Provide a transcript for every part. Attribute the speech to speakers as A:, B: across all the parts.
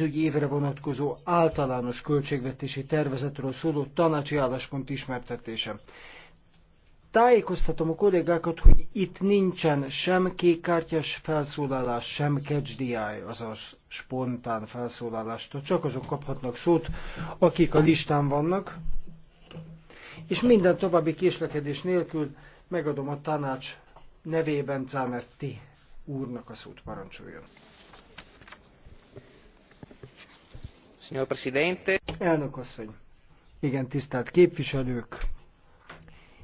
A: pénzügyi évre vonatkozó általános költségvetési tervezetről szóló tanácsi álláspont ismertetése. Tájékoztatom a kollégákat, hogy itt nincsen sem kékkártyás felszólalás, sem catch azaz spontán felszólalás. Csak azok kaphatnak szót, akik a listán vannak. És minden további késlekedés nélkül megadom a tanács nevében Cánetti úrnak a szót parancsoljon. Signor Presidente. Elnök asszony. Igen, tisztelt képviselők,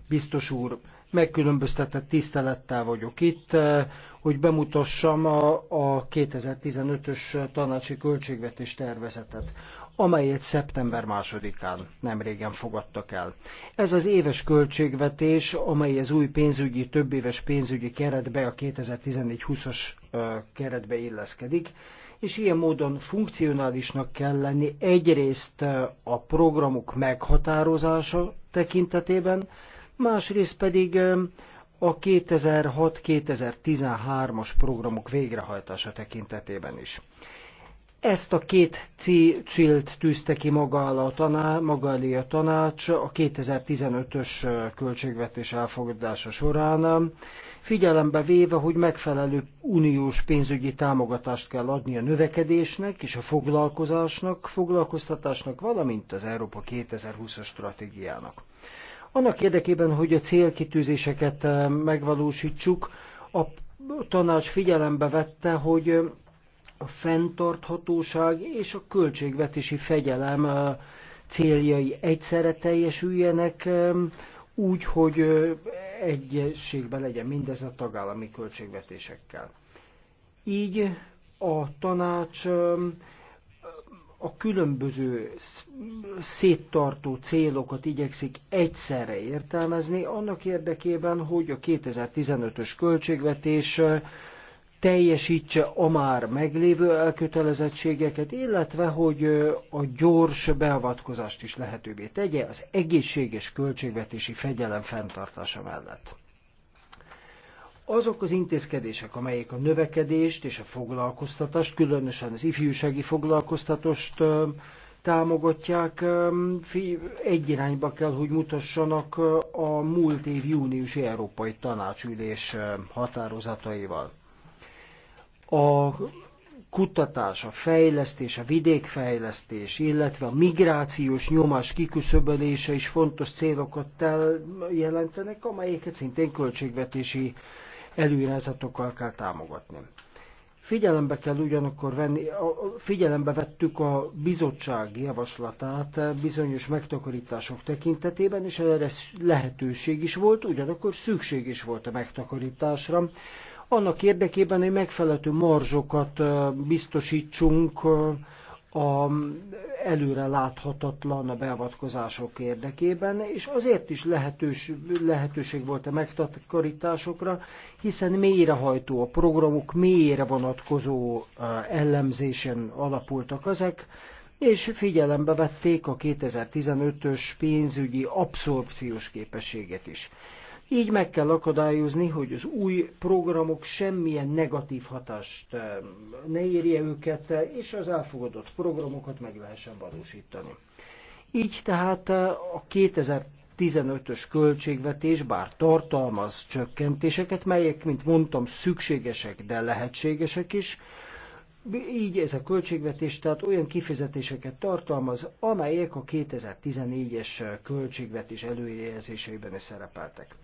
A: biztos úr, megkülönböztetett tisztelettel vagyok itt, eh, hogy bemutassam a, a 2015-ös tanácsi költségvetés tervezetet, amelyet szeptember másodikán nemrégen fogadtak el. Ez az éves költségvetés, amely az új pénzügyi, többéves pénzügyi keretbe, a 2014-20-as eh, keretbe illeszkedik, és ilyen módon funkcionálisnak kell lenni egyrészt eh, a programok meghatározása tekintetében, másrészt pedig eh, a 2006-2013-as programok végrehajtása tekintetében is. Ezt a két célt tűzte ki maga, alá a tanács, maga elé a tanács a 2015-ös költségvetés elfogadása során, figyelembe véve, hogy megfelelő uniós pénzügyi támogatást kell adni a növekedésnek és a foglalkozásnak, foglalkoztatásnak, valamint az Európa 2020-as stratégiának. Annak érdekében, hogy a célkitűzéseket megvalósítsuk, a tanács figyelembe vette, hogy a fenntarthatóság és a költségvetési fegyelem céljai egyszerre teljesüljenek, úgy, hogy egyességben legyen mindez a tagállami költségvetésekkel. Így a tanács a különböző széttartó célokat igyekszik egyszerre értelmezni, annak érdekében, hogy a 2015-ös költségvetés teljesítse a már meglévő elkötelezettségeket, illetve hogy a gyors beavatkozást is lehetővé tegye az egészséges költségvetési fegyelem fenntartása mellett. Azok az intézkedések, amelyek a növekedést és a foglalkoztatást, különösen az ifjúsági foglalkoztatást támogatják, egy irányba kell, hogy mutassanak a múlt év júniusi Európai Tanácsülés határozataival a kutatás, a fejlesztés, a vidékfejlesztés, illetve a migrációs nyomás kiküszöbölése is fontos célokat tel jelentenek, amelyeket szintén költségvetési előirányzatokkal kell támogatni. Figyelembe kell ugyanakkor venni, figyelembe vettük a bizottság javaslatát bizonyos megtakarítások tekintetében, és erre lehetőség is volt, ugyanakkor szükség is volt a megtakarításra, annak érdekében, hogy megfelelő marzsokat biztosítsunk a előre láthatatlan a beavatkozások érdekében, és azért is lehetős, lehetőség volt a megtakarításokra, hiszen mélyrehajtó, a programok mélyre vonatkozó ellenzésen alapultak ezek, és figyelembe vették a 2015-ös pénzügyi abszorpciós képességet is. Így meg kell akadályozni, hogy az új programok semmilyen negatív hatást eh, ne érje őket, eh, és az elfogadott programokat meg lehessen valósítani. Így tehát eh, a 2015-ös költségvetés bár tartalmaz csökkentéseket, melyek, mint mondtam, szükségesek, de lehetségesek is, így ez a költségvetés tehát olyan kifizetéseket tartalmaz, amelyek a 2014-es költségvetés előjelzéseiben is szerepeltek.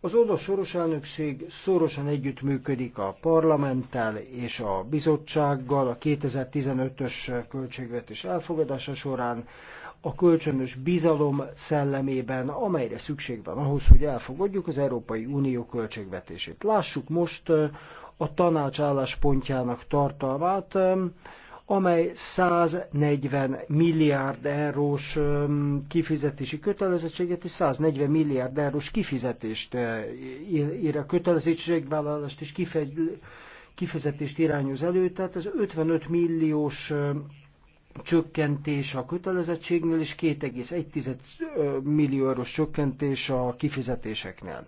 A: Az oda soros elnökség szorosan együttműködik a parlamenttel és a bizottsággal a 2015-ös költségvetés elfogadása során, a kölcsönös bizalom szellemében, amelyre szükség van ahhoz, hogy elfogadjuk az Európai Unió költségvetését. Lássuk most a tanács álláspontjának tartalmát, amely 140 milliárd eurós kifizetési kötelezettséget és 140 milliárd eurós kifizetést ír a kötelezettségvállalást és kifizetést irányoz elő, tehát ez 55 milliós csökkentés a kötelezettségnél és 2,1 millió eurós csökkentés a kifizetéseknél.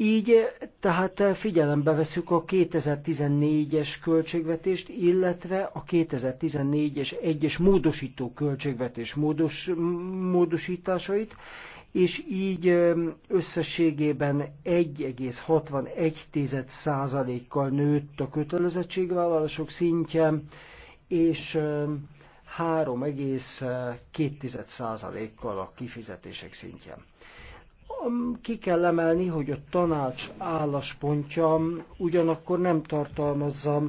A: Így tehát figyelembe veszük a 2014-es költségvetést, illetve a 2014-es egyes módosító költségvetés módos, módosításait, és így összességében 1,61%-kal nőtt a kötelezettségvállalások szintje, és 3,2%-kal a kifizetések szintje ki kell emelni, hogy a tanács álláspontja ugyanakkor nem tartalmazza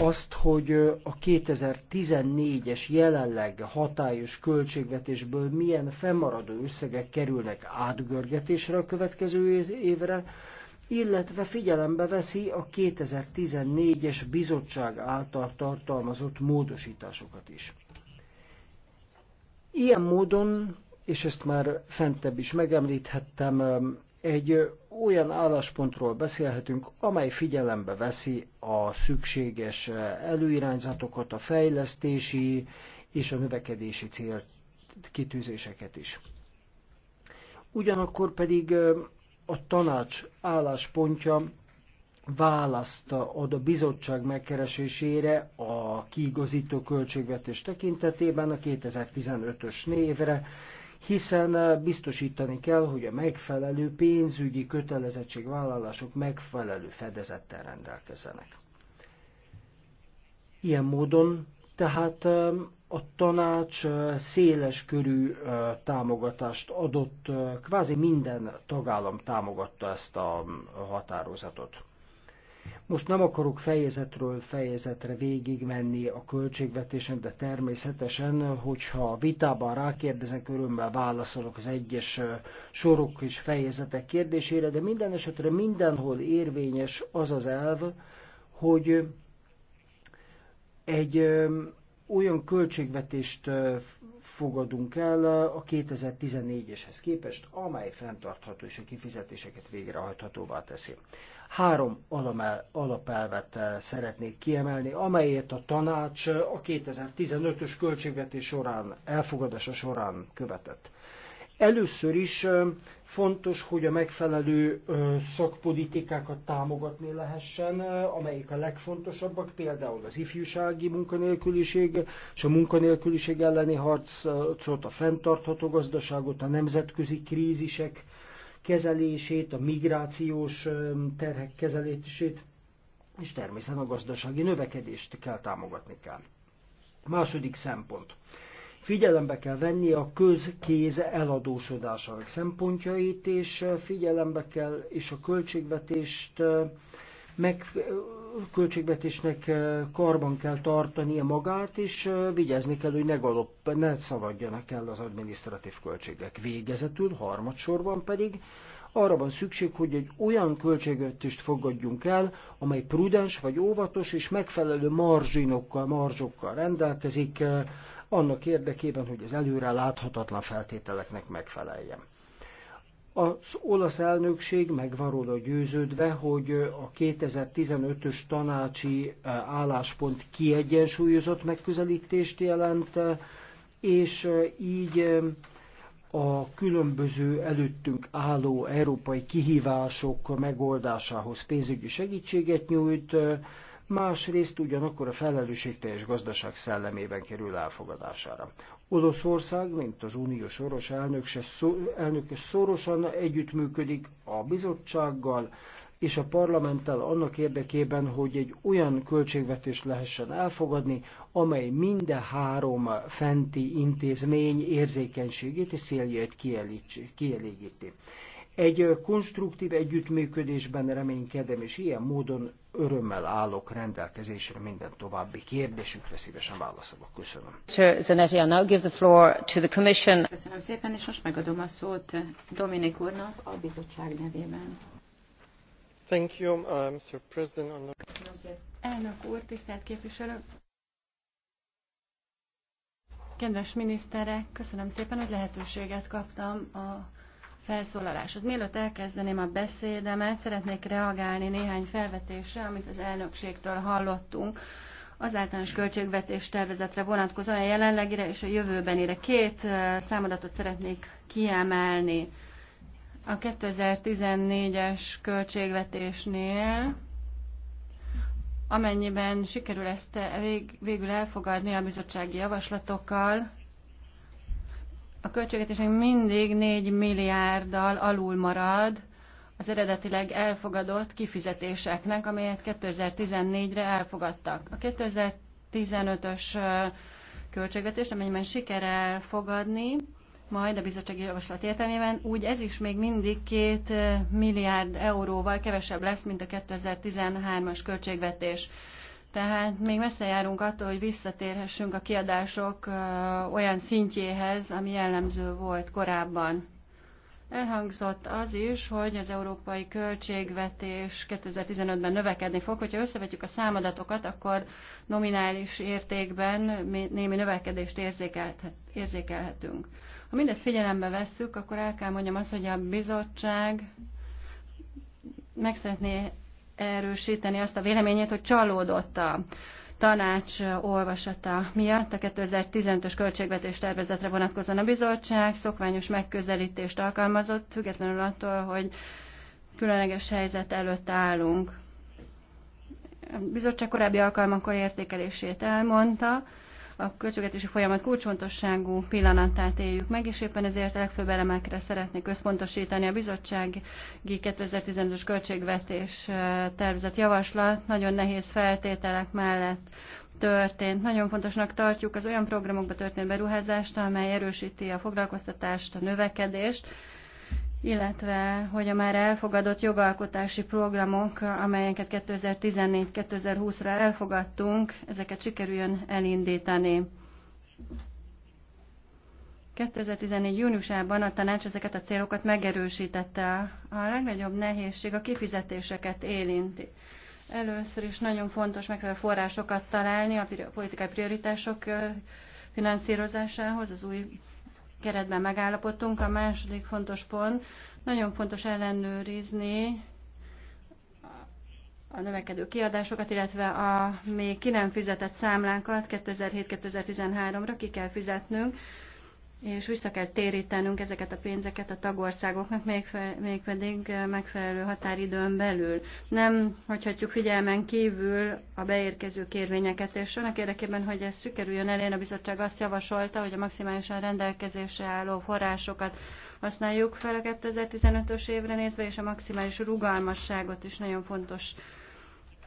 A: azt, hogy a 2014-es jelenleg hatályos költségvetésből milyen fennmaradó összegek kerülnek átgörgetésre a következő évre, illetve figyelembe veszi a 2014-es bizottság által tartalmazott módosításokat is. Ilyen módon és ezt már fentebb is megemlíthettem, egy olyan álláspontról beszélhetünk, amely figyelembe veszi a szükséges előirányzatokat, a fejlesztési és a növekedési cél kitűzéseket is. Ugyanakkor pedig a tanács álláspontja választ ad a bizottság megkeresésére a kiigazító költségvetés tekintetében a 2015-ös névre, hiszen eh, biztosítani kell, hogy a megfelelő pénzügyi kötelezettségvállalások megfelelő fedezettel rendelkezzenek. Ilyen módon tehát eh, a tanács eh, széles körű támogatást adott, kvázi minden tagállam támogatta ezt a mm, határozatot. Most nem akarok fejezetről fejezetre végigmenni a költségvetésen, de természetesen, hogyha a vitában rákérdezek, örömmel válaszolok az egyes sorok és fejezetek kérdésére, de minden esetre mindenhol érvényes az az elv, hogy egy olyan költségvetést fogadunk el a 2014-eshez képest, amely fenntartható és a kifizetéseket végrehajthatóvá teszi. Három alapelvet eh, szeretnék kiemelni, amelyet a tanács a 2015-ös költségvetés során, elfogadása során követett. Először is fontos, hogy a megfelelő szakpolitikákat támogatni lehessen, amelyik a legfontosabbak, például az ifjúsági munkanélküliség és a munkanélküliség elleni harcot, a fenntartható gazdaságot, a nemzetközi krízisek kezelését, a migrációs terhek kezelését, és természetesen a gazdasági növekedést kell támogatni kell. Második szempont. Figyelembe kell venni a közkéz eladósodásának szempontjait, és figyelembe kell, és a költségvetést meg költségvetésnek karban kell tartania magát, és vigyázni kell, hogy ne, galop, ne szaladjanak el az adminisztratív költségek. Végezetül, harmadsorban pedig arra van szükség, hogy egy olyan költségvetést fogadjunk el, amely prudens vagy óvatos és megfelelő marzsinokkal, marzsokkal rendelkezik annak érdekében, hogy az előre láthatatlan feltételeknek megfeleljen. Az olasz elnökség meg van róla győződve, hogy a 2015-ös tanácsi eh, álláspont kiegyensúlyozott megközelítést jelent, eh, és eh, így a különböző előttünk álló európai kihívások megoldásához pénzügyi segítséget nyújt, másrészt ugyanakkor a felelősségteljes gazdaság szellemében kerül elfogadására. Oroszország, mint az unió soros elnökse, elnöke szorosan együttműködik a bizottsággal és a parlamenttel annak érdekében, hogy egy olyan költségvetést lehessen elfogadni, amely minden három fenti intézmény érzékenységét és céljait kielégíti. Egy konstruktív együttműködésben reménykedem, és ilyen módon örömmel állok rendelkezésre minden további kérdésükre szívesen válaszolok. Köszönöm.
B: Zanetti, I'll now give the floor to the Commission. Köszönöm szépen, és most
A: megadom a szót
B: Dominik úrnak a bizottság nevében. Thank you, uh,
C: Mr. President. Köszönöm szépen. Elnök úr, tisztelt képviselő! Kedves miniszterek, köszönöm szépen, hogy lehetőséget kaptam a felszólaláshoz. Mielőtt elkezdeném a beszédemet, szeretnék reagálni néhány felvetésre, amit az elnökségtől hallottunk az általános költségvetés tervezetre vonatkozóan a jelenlegire és a jövőbenire. Két számadatot szeretnék kiemelni. A 2014-es költségvetésnél amennyiben sikerül ezt vég, végül elfogadni a bizottsági javaslatokkal, a költségvetésünk mindig 4 milliárddal alul marad az eredetileg elfogadott kifizetéseknek, amelyet 2014-re elfogadtak. A 2015-ös költségvetést, amelyben sikerrel fogadni, majd a bizottsági javaslat értelmében, úgy ez is még mindig két milliárd euróval kevesebb lesz, mint a 2013-as költségvetés. Tehát még messze járunk attól, hogy visszatérhessünk a kiadások olyan szintjéhez, ami jellemző volt korábban. Elhangzott az is, hogy az európai költségvetés 2015-ben növekedni fog. Hogyha összevetjük a számadatokat, akkor nominális értékben némi növekedést érzékelhetünk. Ha mindezt figyelembe vesszük, akkor el kell mondjam azt, hogy a bizottság meg szeretné megerősíteni azt a véleményét, hogy csalódott a tanács olvasata miatt a 2015-ös költségvetés tervezetre vonatkozóan a bizottság szokványos megközelítést alkalmazott, függetlenül attól, hogy különleges helyzet előtt állunk. A bizottság korábbi alkalmakkor értékelését elmondta, a költségvetési folyamat kulcsfontosságú pillanatát éljük meg, és éppen ezért a legfőbb elemekre szeretnék összpontosítani. A bizottsági 2015-ös költségvetés tervezett javaslat nagyon nehéz feltételek mellett történt. Nagyon fontosnak tartjuk az olyan programokba történő beruházást, amely erősíti a foglalkoztatást, a növekedést, illetve hogy a már elfogadott jogalkotási programok, amelyeket 2014-2020-ra elfogadtunk, ezeket sikerüljön elindítani. 2014. júniusában a tanács ezeket a célokat megerősítette. A legnagyobb nehézség a kifizetéseket érinti. Először is nagyon fontos megfelelő forrásokat találni a politikai prioritások finanszírozásához, az új keretben megállapodtunk. A második fontos pont, nagyon fontos ellenőrizni a növekedő kiadásokat, illetve a még ki nem fizetett számlánkat 2007-2013-ra ki kell fizetnünk és vissza kell térítenünk ezeket a pénzeket a tagországoknak, mégpedig eh, megfelelő határidőn belül. Nem hagyhatjuk figyelmen kívül a beérkező kérvényeket, és annak érdekében, hogy ez sikerüljön elén, a bizottság azt javasolta, hogy a maximálisan rendelkezésre álló forrásokat használjuk fel a 2015-ös évre nézve, és a maximális rugalmasságot is nagyon fontos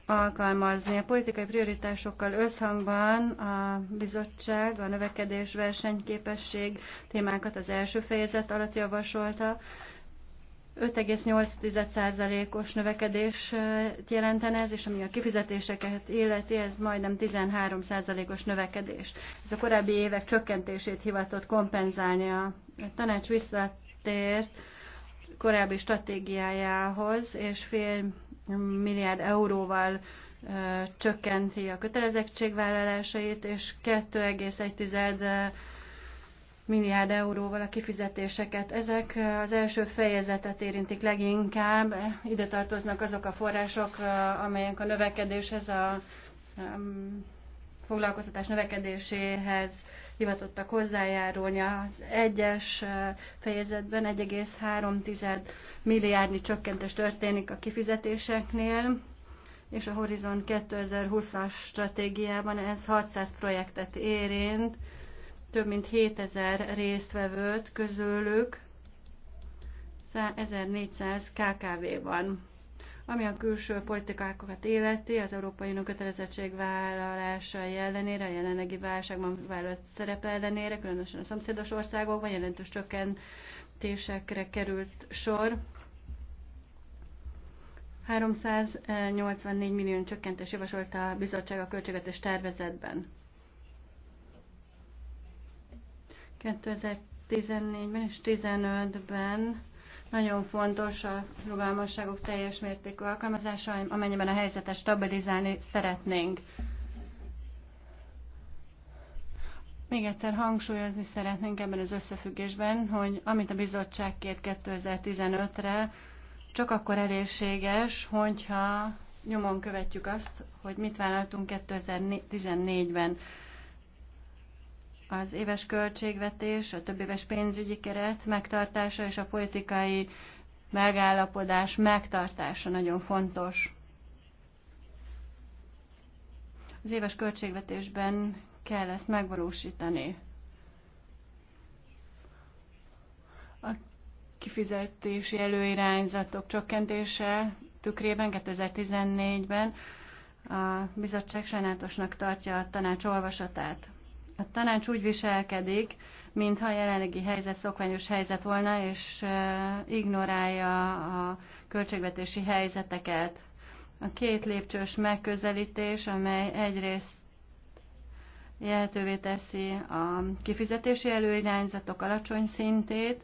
C: alkalmazni. A politikai prioritásokkal összhangban a bizottság a növekedés versenyképesség témákat az első fejezet alatt javasolta. 5,8%-os növekedés jelentene ez, és ami a kifizetéseket illeti, ez majdnem 13%-os növekedés. Ez a korábbi évek csökkentését hivatott kompenzálni a tanács visszatért korábbi stratégiájához, és fél milliárd euróval csökkenti a kötelezettségvállalásait, és 2,1 milliárd euróval a kifizetéseket. Ezek az első fejezetet érintik leginkább. Ide tartoznak azok a források, amelyek a növekedéshez a foglalkoztatás növekedéséhez hivatottak hozzájárulni. Az egyes fejezetben 1,3 milliárdnyi csökkentés történik a kifizetéseknél, és a Horizon 2020-as stratégiában ez 600 projektet érint, több mint 7000 résztvevőt közülük 1400 KKV van. Ami a külső politikákat életi, az Európai Unió kötelezettségvállalásai ellenére, a jelenlegi válságban vállalt szerepe ellenére, különösen a szomszédos országokban jelentős csökkentésekre került sor. 384 millió csökkentés javasolt a bizottság a költségvetés tervezetben. 2014-ben és 2015-ben nagyon fontos a rugalmasságok teljes mértékű alkalmazása, amennyiben a helyzetet stabilizálni szeretnénk. Még egyszer hangsúlyozni szeretnénk ebben az összefüggésben, hogy amit a bizottság kért 2015-re, csak akkor elérséges, hogyha nyomon követjük azt, hogy mit vállaltunk 2014-ben az éves költségvetés, a több éves pénzügyi keret megtartása és a politikai megállapodás megtartása nagyon fontos. Az éves költségvetésben kell ezt megvalósítani. A kifizetési előirányzatok csökkentése tükrében 2014-ben a bizottság sajnálatosnak tartja a tanács olvasatát. A tanács úgy viselkedik, mintha a jelenlegi helyzet szokványos helyzet volna, és ignorálja a költségvetési helyzeteket. A két lépcsős megközelítés, amely egyrészt lehetővé teszi a kifizetési előirányzatok alacsony szintét,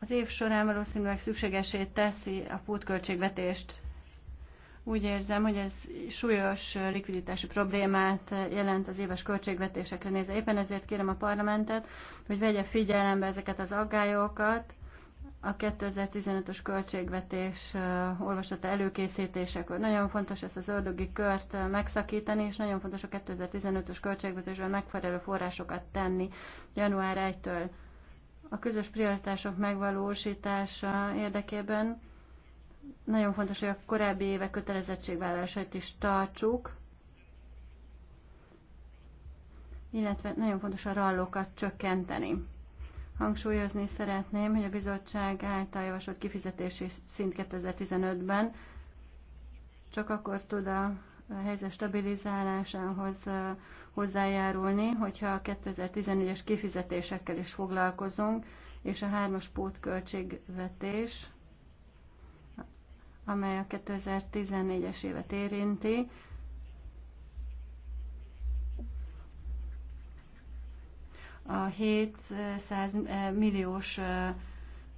C: az év során valószínűleg szükségesét teszi a pótköltségvetést. Úgy érzem, hogy ez súlyos likviditási problémát jelent az éves költségvetésekre nézve. Éppen ezért kérem a parlamentet, hogy vegye figyelembe ezeket az aggályokat, a 2015-ös költségvetés olvasata előkészítésekor. Nagyon fontos ezt az ördögi kört megszakítani, és nagyon fontos a 2015-ös költségvetésben megfelelő forrásokat tenni január 1-től. A közös prioritások megvalósítása érdekében nagyon fontos, hogy a korábbi évek kötelezettségvállalásait is tartsuk, illetve nagyon fontos a rallókat csökkenteni. Hangsúlyozni szeretném, hogy a bizottság által javasolt kifizetési szint 2015-ben csak akkor tud a helyzet stabilizálásához hozzájárulni, hogyha a 2014-es kifizetésekkel is foglalkozunk, és a hármas pótköltségvetés amely a 2014-es évet érinti. A 700 eh, milliós eh,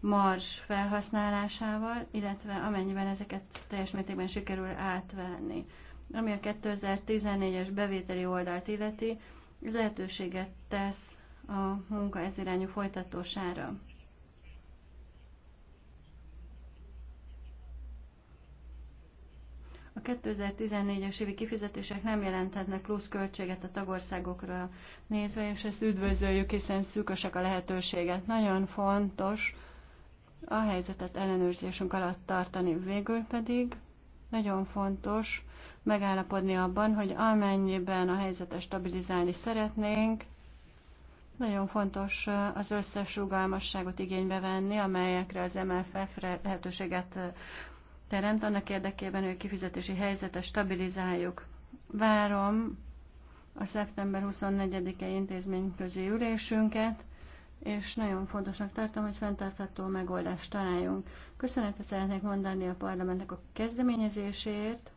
C: mars felhasználásával, illetve amennyiben ezeket teljes mértékben sikerül átvenni. Ami a 2014-es bevételi oldalt illeti, lehetőséget tesz a munka ez irányú A 2014-es évi kifizetések nem jelenthetnek plusz költséget a tagországokra nézve, és ezt üdvözöljük, hiszen szűkösek a lehetőséget. Nagyon fontos a helyzetet ellenőrzésünk alatt tartani. Végül pedig nagyon fontos megállapodni abban, hogy amennyiben a helyzetet stabilizálni szeretnénk, nagyon fontos az összes rugalmasságot igénybe venni, amelyekre az MFF lehetőséget teremt annak érdekében, hogy a kifizetési helyzetet stabilizáljuk. Várom a szeptember 24-e intézményközi ülésünket, és nagyon fontosnak tartom, hogy fenntartható megoldást találjunk. Köszönetet szeretnék mondani a parlamentnek a kezdeményezését,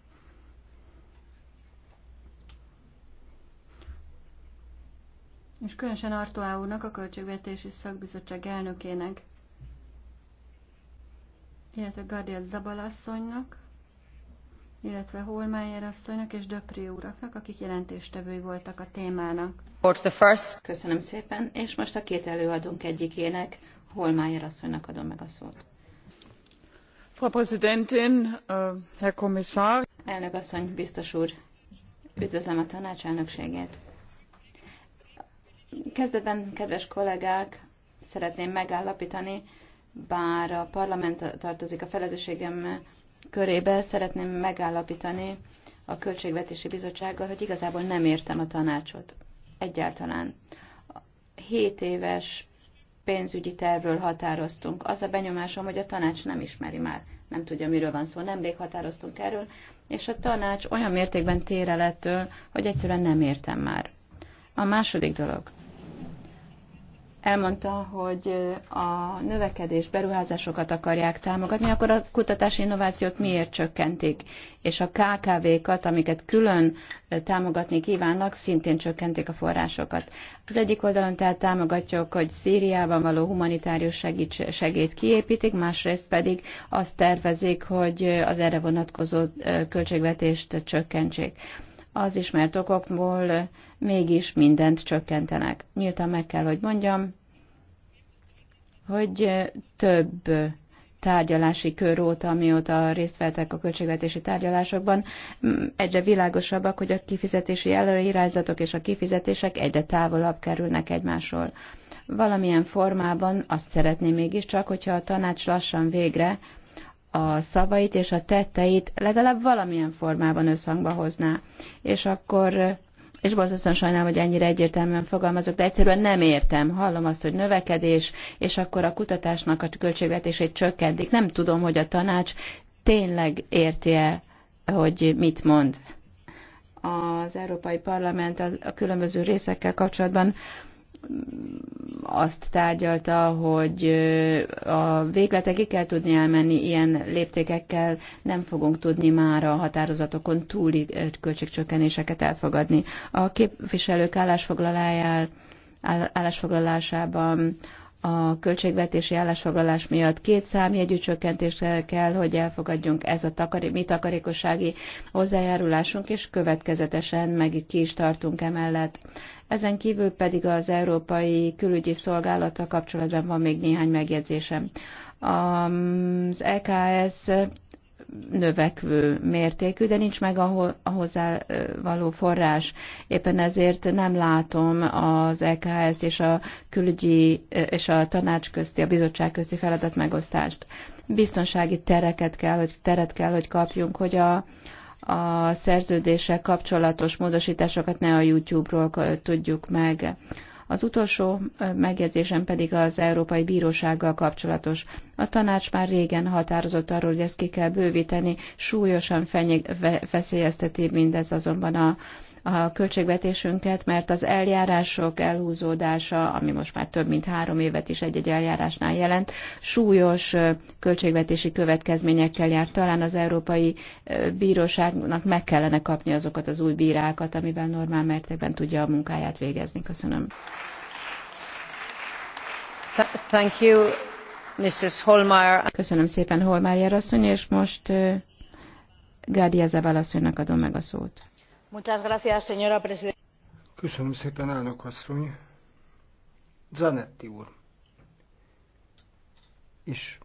C: és különösen Artoá úrnak, a Költségvetési Szakbizottság elnökének illetve Gadél Zabalasszonynak, illetve Holmeyer asszonynak és Döpri úraknak, akik jelentéstevői voltak a témának.
B: Köszönöm szépen, és most a két előadónk egyikének, Holmeyer asszonynak adom meg a szót. Frau Präsidentin, äh, Herr Kommissar! Elnök asszony, biztos úr! Üdvözlöm a tanácselnökségét! Kezdetben, kedves kollégák, szeretném megállapítani, bár a parlament tartozik a felelősségem körébe, szeretném megállapítani a Költségvetési Bizottsággal, hogy igazából nem értem a tanácsot. Egyáltalán. 7 éves pénzügyi tervről határoztunk. Az a benyomásom, hogy a tanács nem ismeri már, nem tudja, miről van szó. Nemrég határoztunk erről, és a tanács olyan mértékben tére lettől, hogy egyszerűen nem értem már. A második dolog elmondta, hogy a növekedés beruházásokat akarják támogatni, akkor a kutatási innovációt miért csökkentik? És a KKV-kat, amiket külön támogatni kívánnak, szintén csökkentik a forrásokat. Az egyik oldalon tehát támogatjuk, hogy Szíriában való humanitárius segít, segít kiépítik, másrészt pedig azt tervezik, hogy az erre vonatkozó költségvetést csökkentsék az ismert okokból mégis mindent csökkentenek. Nyíltan meg kell, hogy mondjam, hogy több tárgyalási kör óta, amióta részt vettek a költségvetési tárgyalásokban, egyre világosabbak, hogy a kifizetési előirányzatok és a kifizetések egyre távolabb kerülnek egymásról. Valamilyen formában azt szeretném mégiscsak, hogyha a tanács lassan végre a szavait és a tetteit legalább valamilyen formában összhangba hozná. És akkor és borzasztóan sajnálom, hogy ennyire egyértelműen fogalmazok, de egyszerűen nem értem. Hallom azt, hogy növekedés, és akkor a kutatásnak a költségvetését csökkentik. Nem tudom, hogy a tanács tényleg érti-e, hogy mit mond. Az Európai Parlament a különböző részekkel kapcsolatban azt tárgyalta, hogy a végletekig kell tudni elmenni, ilyen léptékekkel nem fogunk tudni már a határozatokon túli költségcsökkenéseket elfogadni. A képviselők állásfoglalásában a költségvetési állásfoglalás miatt két számjegyű csökkentést kell, hogy elfogadjunk ez a takari, mi takarékossági hozzájárulásunk, és következetesen meg ki is tartunk emellett. Ezen kívül pedig az Európai Külügyi Szolgálata kapcsolatban van még néhány megjegyzésem. Az EKS növekvő mértékű, de nincs meg a hozzá való forrás. Éppen ezért nem látom az EKS és a külügyi és a tanács közti, a bizottság közti feladat megosztást. Biztonsági tereket kell, hogy teret kell, hogy kapjunk, hogy a, a szerződések kapcsolatos módosításokat ne a YouTube-ról tudjuk meg. Az utolsó megjegyzésem pedig az Európai Bírósággal kapcsolatos. A tanács már régen határozott arról, hogy ezt ki kell bővíteni, súlyosan ve, veszélyezteti mindez azonban a, a költségvetésünket, mert az eljárások elhúzódása, ami most már több mint három évet is egy-egy eljárásnál jelent, súlyos költségvetési következményekkel jár. Talán az Európai Bíróságnak meg kellene kapni azokat az új bírákat, amivel normál mértékben tudja a munkáját végezni. Köszönöm. Thank you, Mrs. Holmeyer. Köszönöm szépen Holmeyer asszony, és most Gádia Zaval asszonynak adom meg a szót.
A: Köszönöm szépen, Zanetti és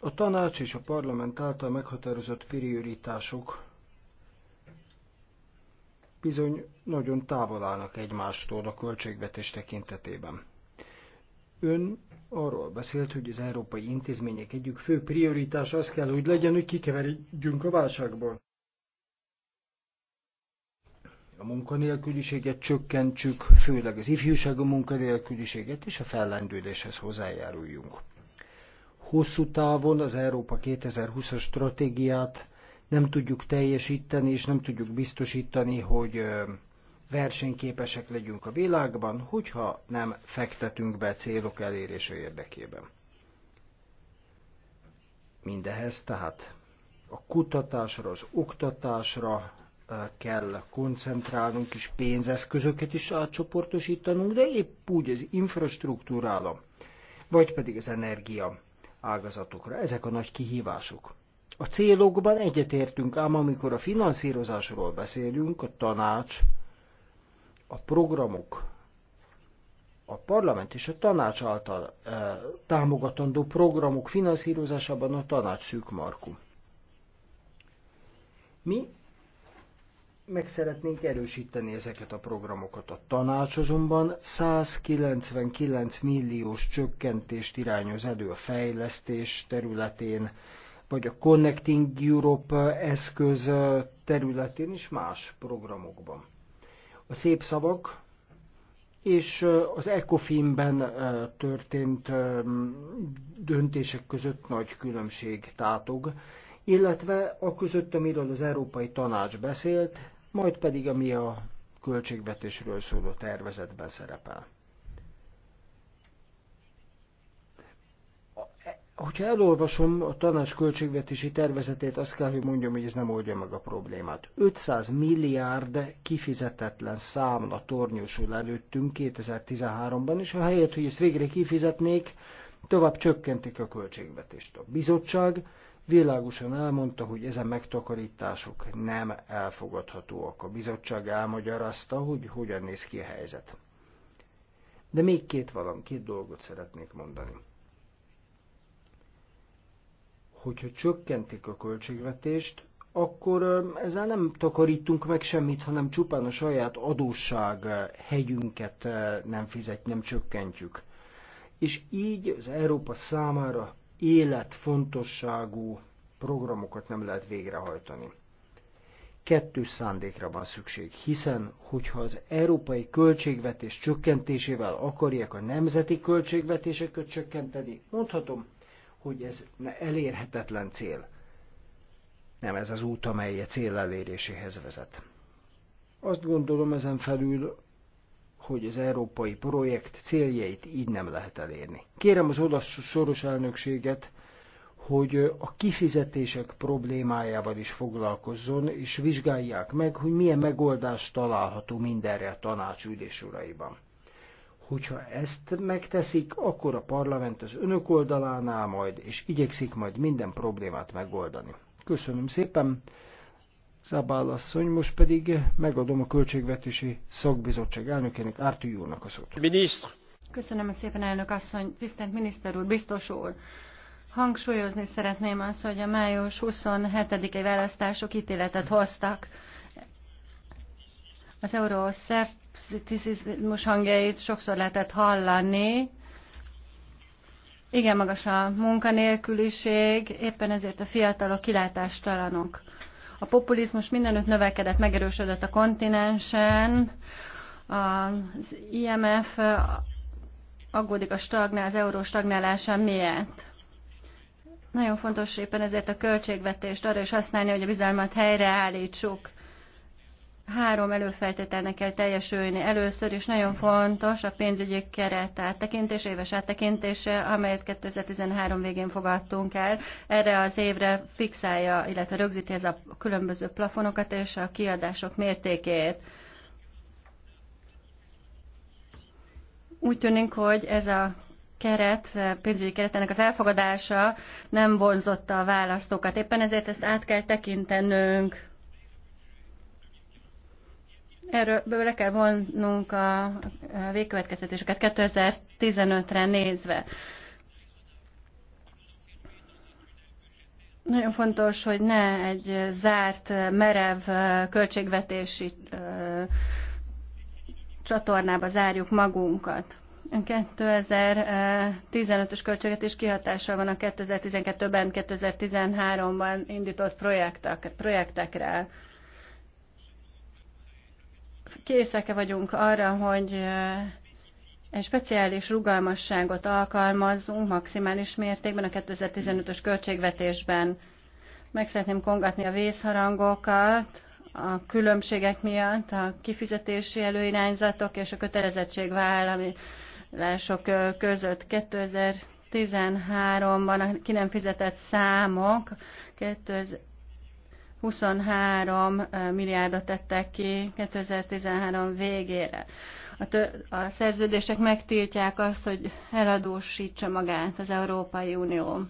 A: A tanács és a parlament által meghatározott prioritások bizony nagyon távol állnak egymástól a költségvetés tekintetében. Ön arról beszélt, hogy az európai intézmények egyik fő prioritása az kell, hogy legyen, hogy kikeveredjünk a válságból. A munkanélküliséget csökkentsük, főleg az ifjúság a munkanélküliséget, és a fellendüléshez hozzájáruljunk. Hosszú távon az Európa 2020-as stratégiát nem tudjuk teljesíteni, és nem tudjuk biztosítani, hogy versenyképesek legyünk a világban, hogyha nem fektetünk be célok elérése érdekében. Mindehez tehát a kutatásra, az oktatásra eh, kell koncentrálnunk, és pénzeszközöket is átcsoportosítanunk, de épp úgy az infrastruktúrára, vagy pedig az energia ágazatokra. Ezek a nagy kihívások. A célokban egyetértünk, ám amikor a finanszírozásról beszélünk, a tanács a programok, a parlament és a tanács által e, támogatandó programok finanszírozásában a tanács szűk markú. Mi meg szeretnénk erősíteni ezeket a programokat. A tanács azonban 199 milliós csökkentést irányoz elő a fejlesztés területén, vagy a Connecting Europe eszköz területén is más programokban a szép szavak, és az ECOFIN-ben történt döntések között nagy különbség tátog, illetve a között, amiről az Európai Tanács beszélt, majd pedig ami a költségvetésről szóló tervezetben szerepel. hogyha elolvasom a tanács költségvetési tervezetét, azt kell, hogy mondjam, hogy ez nem oldja meg a problémát. 500 milliárd kifizetetlen számla tornyosul előttünk 2013-ban, és a helyet, hogy ezt végre kifizetnék, tovább csökkentik a költségvetést. A bizottság világosan elmondta, hogy ezen megtakarítások nem elfogadhatóak. A bizottság elmagyarázta, hogy hogyan néz ki a helyzet. De még két valam, két dolgot szeretnék mondani hogyha csökkentik a költségvetést, akkor ezzel nem takarítunk meg semmit, hanem csupán a saját adósság hegyünket nem fizet, nem csökkentjük. És így az Európa számára életfontosságú programokat nem lehet végrehajtani. Kettős szándékra van szükség, hiszen hogyha az európai költségvetés csökkentésével akarják a nemzeti költségvetéseket csökkenteni, mondhatom, hogy ez elérhetetlen cél. Nem ez az út, amely a cél eléréséhez vezet. Azt gondolom ezen felül, hogy az európai projekt céljait így nem lehet elérni. Kérem az olasz soros elnökséget, hogy a kifizetések problémájával is foglalkozzon, és vizsgálják meg, hogy milyen megoldást található mindenre a tanács uraiban. Hogyha ezt megteszik, akkor a parlament az önök oldalán áll majd, és igyekszik majd minden problémát megoldani. Köszönöm szépen! Zabál asszony, most pedig megadom a Költségvetési Szakbizottság elnökének Ártű úrnak a szót. Minisztr!
C: Köszönöm szépen, elnök asszony, tisztelt miniszter úr, biztos úr! Hangsúlyozni szeretném azt, hogy a május 27-i választások ítéletet hoztak. Az Eurosef szkepticizmus hangjait sokszor lehetett hallani. Igen magas a munkanélküliség, éppen ezért a fiatalok kilátástalanok. A populizmus mindenütt növekedett, megerősödött a kontinensen. Az IMF aggódik a stagnál, az euró stagnálása miatt. Nagyon fontos éppen ezért a költségvetést arra is használni, hogy a bizalmat helyreállítsuk három előfeltételnek kell teljesülni. Először is nagyon fontos a pénzügyi keret áttekintés, éves áttekintése, amelyet 2013 végén fogadtunk el. Erre az évre fixálja, illetve rögzíti ez a különböző plafonokat és a kiadások mértékét. Úgy tűnik, hogy ez a keret, pénzügyi keretenek az elfogadása nem vonzotta a választókat. Éppen ezért ezt át kell tekintenünk Erről le kell vonnunk a végkövetkeztetéseket 2015-re nézve. Nagyon fontos, hogy ne egy zárt, merev költségvetési csatornába zárjuk magunkat. 2015-ös költségvetés kihatással van a 2012-ben, 2013-ban indított projektek, projektekre készek-e vagyunk arra, hogy egy speciális rugalmasságot alkalmazzunk maximális mértékben a 2015-ös költségvetésben. Meg szeretném kongatni a vészharangokat a különbségek miatt, a kifizetési előirányzatok és a kötelezettségvállalások között 2013-ban a ki nem fizetett számok 23 milliárdot tettek ki 2013 végére. A, tő, a szerződések megtiltják azt, hogy eladósítsa magát az Európai Unió.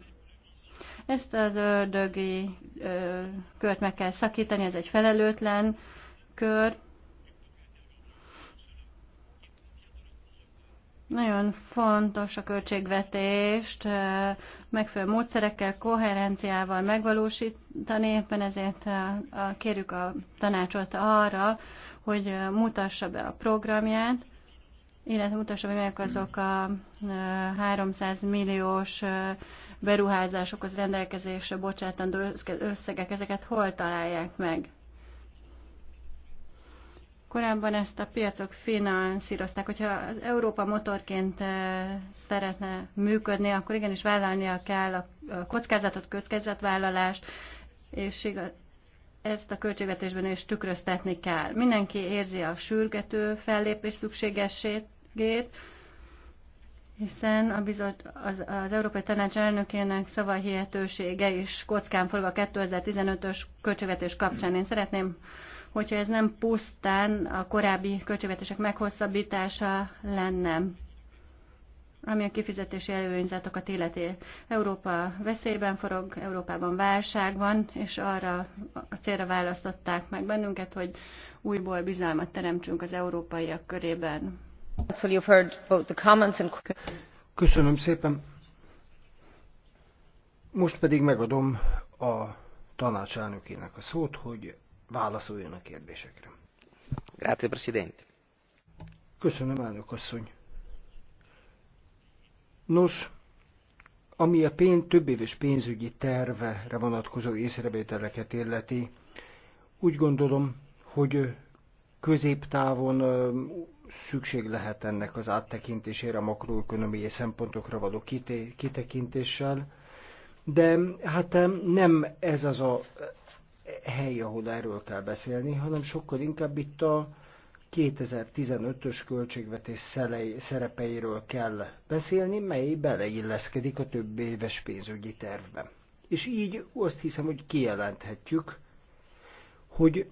C: Ezt az ördögi ö, kört meg kell szakítani, ez egy felelőtlen kör, Nagyon fontos a költségvetést eh, megfelelő módszerekkel, koherenciával megvalósítani, éppen ezért eh, kérjük a tanácsot arra, hogy eh, mutassa be a programját, illetve mutassa be melyek azok a 300 milliós beruházásokhoz rendelkezésre bocsátandó összegek, ezeket hol találják meg. Korábban ezt a piacok finanszírozták. Hogyha az Európa motorként eh, szeretne működni, akkor igenis vállalnia kell a kockázatot, kockázatvállalást, és igaz, ezt a költségvetésben is tükröztetni kell. Mindenki érzi a sürgető fellépés szükségességét, hiszen a bizot, az, az Európai Tanács elnökének szavahihetősége is kockán forog a 2015-ös költségvetés kapcsán. Én szeretném hogyha ez nem pusztán a korábbi költségvetések meghosszabbítása lenne ami a kifizetési előnyzetokat illeti. Európa veszélyben forog, Európában válság van, és arra a célra választották meg bennünket, hogy újból bizalmat teremtsünk az európaiak körében.
A: Köszönöm szépen. Most pedig megadom a tanácselnökének a szót, hogy válaszoljon a kérdésekre. Grazie, Presidente. Köszönöm, elnök asszony. Nos, ami a pénz, több éves pénzügyi tervre vonatkozó észrevételeket illeti, úgy gondolom, hogy középtávon szükség lehet ennek az áttekintésére a makroökonomiai szempontokra való kitekintéssel, de hát nem ez az a hely, ahol erről kell beszélni, hanem sokkal inkább itt a 2015-ös költségvetés szerepeiről kell beszélni, mely beleilleszkedik a több éves pénzügyi tervbe. És így azt hiszem, hogy kijelenthetjük, hogy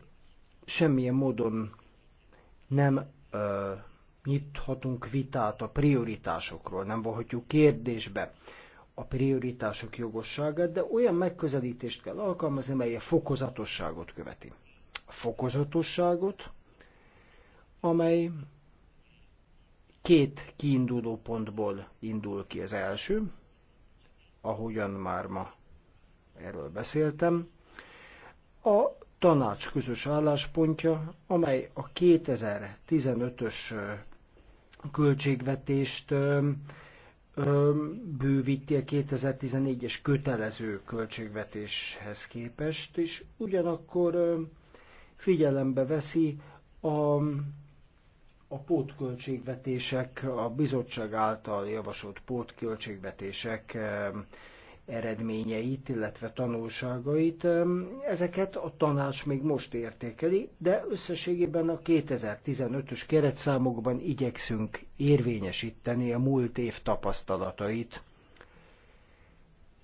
A: semmilyen módon nem ö, nyithatunk vitát a prioritásokról, nem vonhatjuk kérdésbe a prioritások jogosságát, de olyan megközelítést kell alkalmazni, mely a fokozatosságot követi. A fokozatosságot, amely két kiinduló pontból indul ki az első, ahogyan már ma erről beszéltem, a tanács közös álláspontja, amely a 2015-ös költségvetést bővíti a 2014-es kötelező költségvetéshez képest, és ugyanakkor figyelembe veszi a, a pótköltségvetések, a bizottság által javasolt pótköltségvetések eredményeit, illetve tanulságait. Ezeket a tanács még most értékeli, de összességében a 2015-ös keretszámokban igyekszünk érvényesíteni a múlt év tapasztalatait.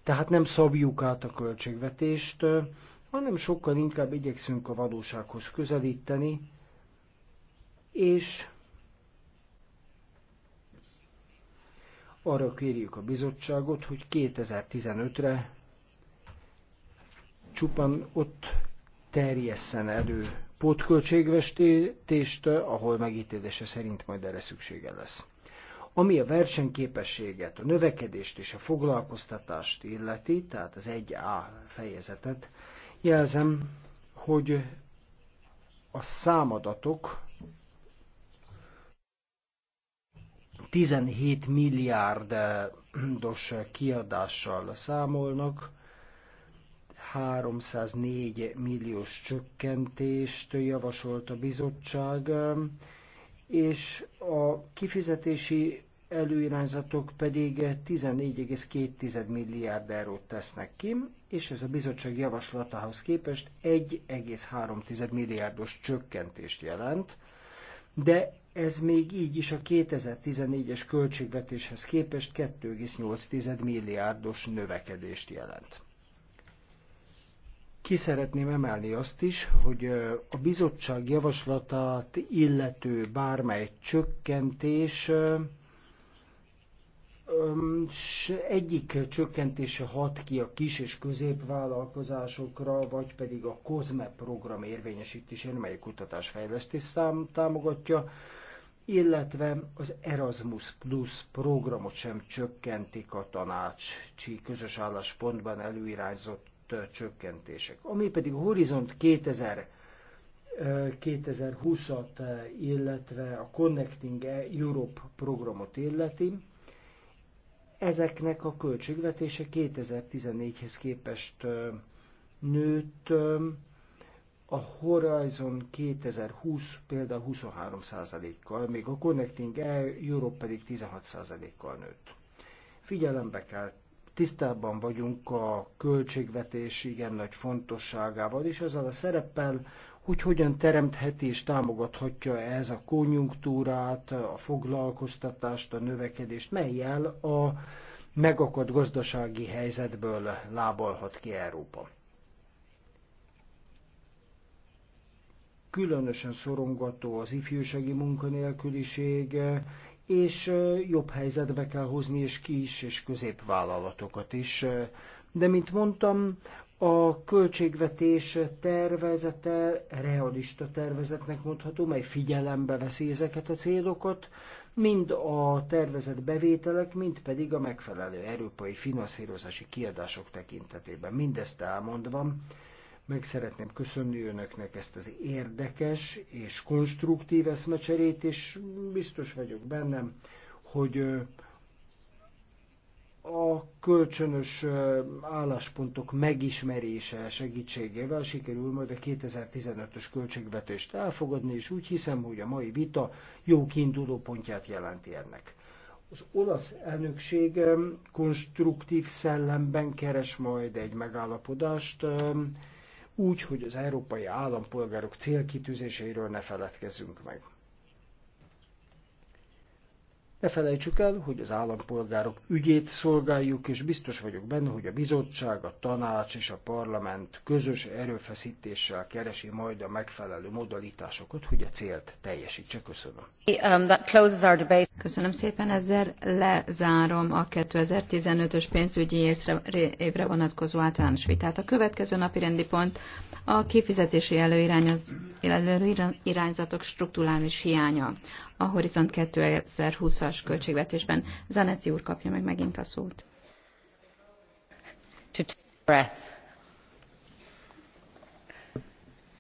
A: Tehát nem szabjuk át a költségvetést, hanem sokkal inkább igyekszünk a valósághoz közelíteni, és Arra kérjük a bizottságot, hogy 2015-re csupán ott terjesszen elő pótköltségvestést, ahol megítélése szerint majd erre szüksége lesz. Ami a versenyképességet, a növekedést és a foglalkoztatást illeti, tehát az 1A fejezetet, jelzem, hogy a számadatok 17 milliárdos kiadással számolnak, 304 milliós csökkentést javasolt a bizottság, és a kifizetési előirányzatok pedig 14,2 milliárd eurót tesznek ki, és ez a bizottság javaslatához képest 1,3 milliárdos csökkentést jelent de ez még így is a 2014-es költségvetéshez képest 2,8 milliárdos növekedést jelent. Ki szeretném emelni azt is, hogy a bizottság javaslatát illető bármely csökkentés egyik csökkentése hat ki a kis és középvállalkozásokra, vagy pedig a COSME program érvényesítésén, mely kutatásfejlesztés szám támogatja, illetve az Erasmus Plus programot sem csökkentik a tanácsi közös álláspontban előirányzott csökkentések. Ami pedig a Horizont 2000 2020-at, illetve a Connecting Europe programot illeti, Ezeknek a költségvetése 2014-hez képest nőtt, a Horizon 2020 például 23%-kal, még a Connecting Europe pedig 16%-kal nőtt. Figyelembe kell, tisztában vagyunk a költségvetés igen nagy fontosságával, és ezzel a szereppel hogy hogyan teremtheti és támogathatja ez a konjunktúrát, a foglalkoztatást, a növekedést, melyel a megakadt gazdasági helyzetből lábalhat ki Európa. Különösen szorongató az ifjúsági munkanélküliség, és jobb helyzetbe kell hozni és kis és középvállalatokat is. De, mint mondtam, a költségvetés tervezete realista tervezetnek mondható, mely figyelembe veszi ezeket a célokat, mind a tervezett bevételek, mind pedig a megfelelő európai finanszírozási kiadások tekintetében. Mindezt elmondva, meg szeretném köszönni önöknek ezt az érdekes és konstruktív eszmecserét, és biztos vagyok bennem, hogy kölcsönös álláspontok megismerése segítségével sikerül majd a 2015-ös költségvetést elfogadni, és úgy hiszem, hogy a mai vita jó kiinduló pontját jelenti ennek. Az olasz elnökség konstruktív szellemben keres majd egy megállapodást, úgy, hogy az európai állampolgárok célkitűzéseiről ne feledkezzünk meg. Ne felejtsük el, hogy az állampolgárok ügyét szolgáljuk, és biztos vagyok benne, hogy a bizottság, a tanács és a parlament közös erőfeszítéssel keresi majd a megfelelő modalitásokat, hogy a célt teljesítse. Köszönöm.
B: Um, Köszönöm szépen, ezzel lezárom a 2015-ös pénzügyi évre vonatkozó általános vitát. A következő napi rendi pont a kifizetési előirányzatok struktúrális hiánya a Horizont 2020-as költségvetésben. Zanetti úr kapja meg megint a szót. To breath.